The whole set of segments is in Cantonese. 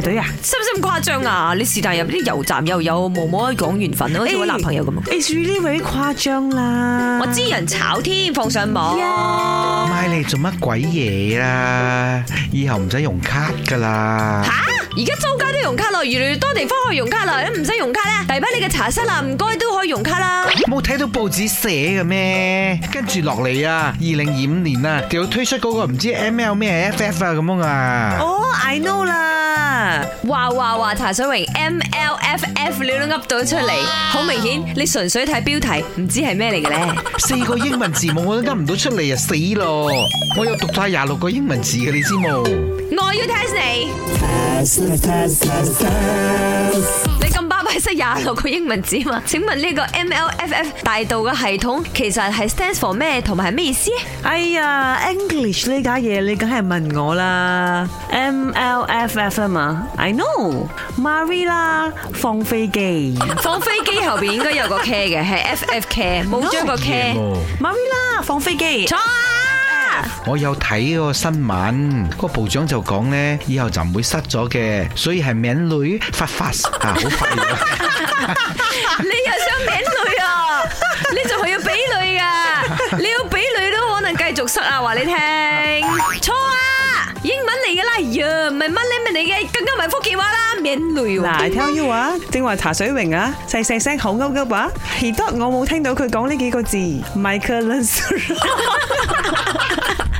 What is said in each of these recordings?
隊啊，使唔使咁誇張啊？你是但入啲油站又有毛毛，講緣分啊？好似我男朋友咁啊？誒，呢位誇張啦，我知人炒添，放上網賣、yeah、你做乜鬼嘢啊？以後唔使用，用卡噶啦。吓，而家周街都用卡啦，越嚟越多地方可以用卡啦，都唔使用卡咧。大班你嘅茶室啊，唔該都可以用卡啦。冇睇到報紙寫嘅咩？跟住落嚟啊，二零二五年啊，就要推出嗰個唔知 M L 咩 F F 啊咁樣啊。哦、那個 oh，I know 啦。哇哇哇茶水榮 M L F F 你都噏到出嚟，好明顯，你純粹睇標題唔知係咩嚟嘅咧。四個英文字母我都噏唔到出嚟啊，就死咯！我有讀晒廿六個英文字嘅，你知冇？我要 test 你。係識廿六個英文字嘛？請問呢個 MLFF 大道嘅系統其實係 stands for 咩？同埋係咩意思英？哎呀，English 呢家嘢你梗係問我啦。MLFF 啊嘛，I know，Marie 啦，放飛機，放飛機後邊應該有個 K 嘅，係 FFK，冇張個 K。Marie 啦，放飛機。我有睇嗰個新聞，個部長就講咧，以後就唔會塞咗嘅，所以係免女，發發啊，好發。你又想免女啊？你仲係要俾女噶？你要俾女都可能繼續塞啊！話你聽，錯啊！英文嚟噶啦，又唔係乜嘢乜嘢嘅，更加唔係福建話啦，免女。嗱，tell you 啊，正話茶水榮啊，細細聲，好勾勾話，其實我冇聽到佢講呢幾個字，Michael。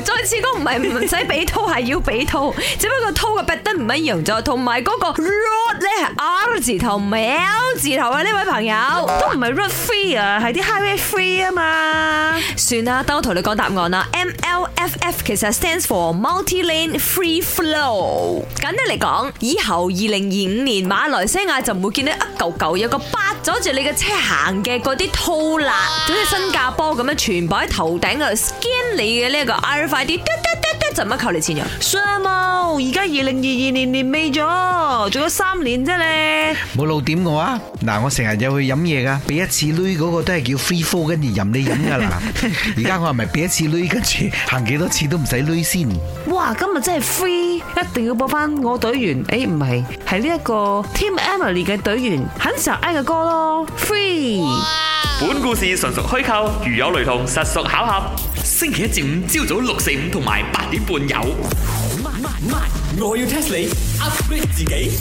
再次都唔係唔使俾套，係要俾套。只不過套嘅擘得唔一樣咗，同埋嗰個 road 咧係 R 字頭唔係 L 字頭啊！呢位朋友都唔係 road free 啊，係啲 highway free 啊嘛。算啦，等我同你講答案啦。M L F F 其實 stands for multi lane free flow。簡單嚟講，以後二零二五年馬來西亞就唔會見到一舊舊有個八阻住你嘅車行嘅嗰啲拖欄，好似新加坡咁樣，全部喺頭頂啊 scan 你嘅呢個。快啲，得得得得，怎麼扣你先人？算啦而家二零二二年年尾咗，做咗三年啫你。冇露點我啊，嗱我成日有去飲嘢噶，俾一次鐳嗰個都係叫 free flow 跟住任你飲噶啦。而 家我係咪俾一次鐳跟住行幾多次都唔使鐳先？哇！今日真係 free，一定要播翻我隊員，誒唔係，係呢一個 Team Emily 嘅隊員，肯石 I 嘅歌咯，Free。本故事純屬虛構，如有雷同，實屬巧合。星期一至五朝早六四五同埋八點半有。我要 test 你，upgrade 自己。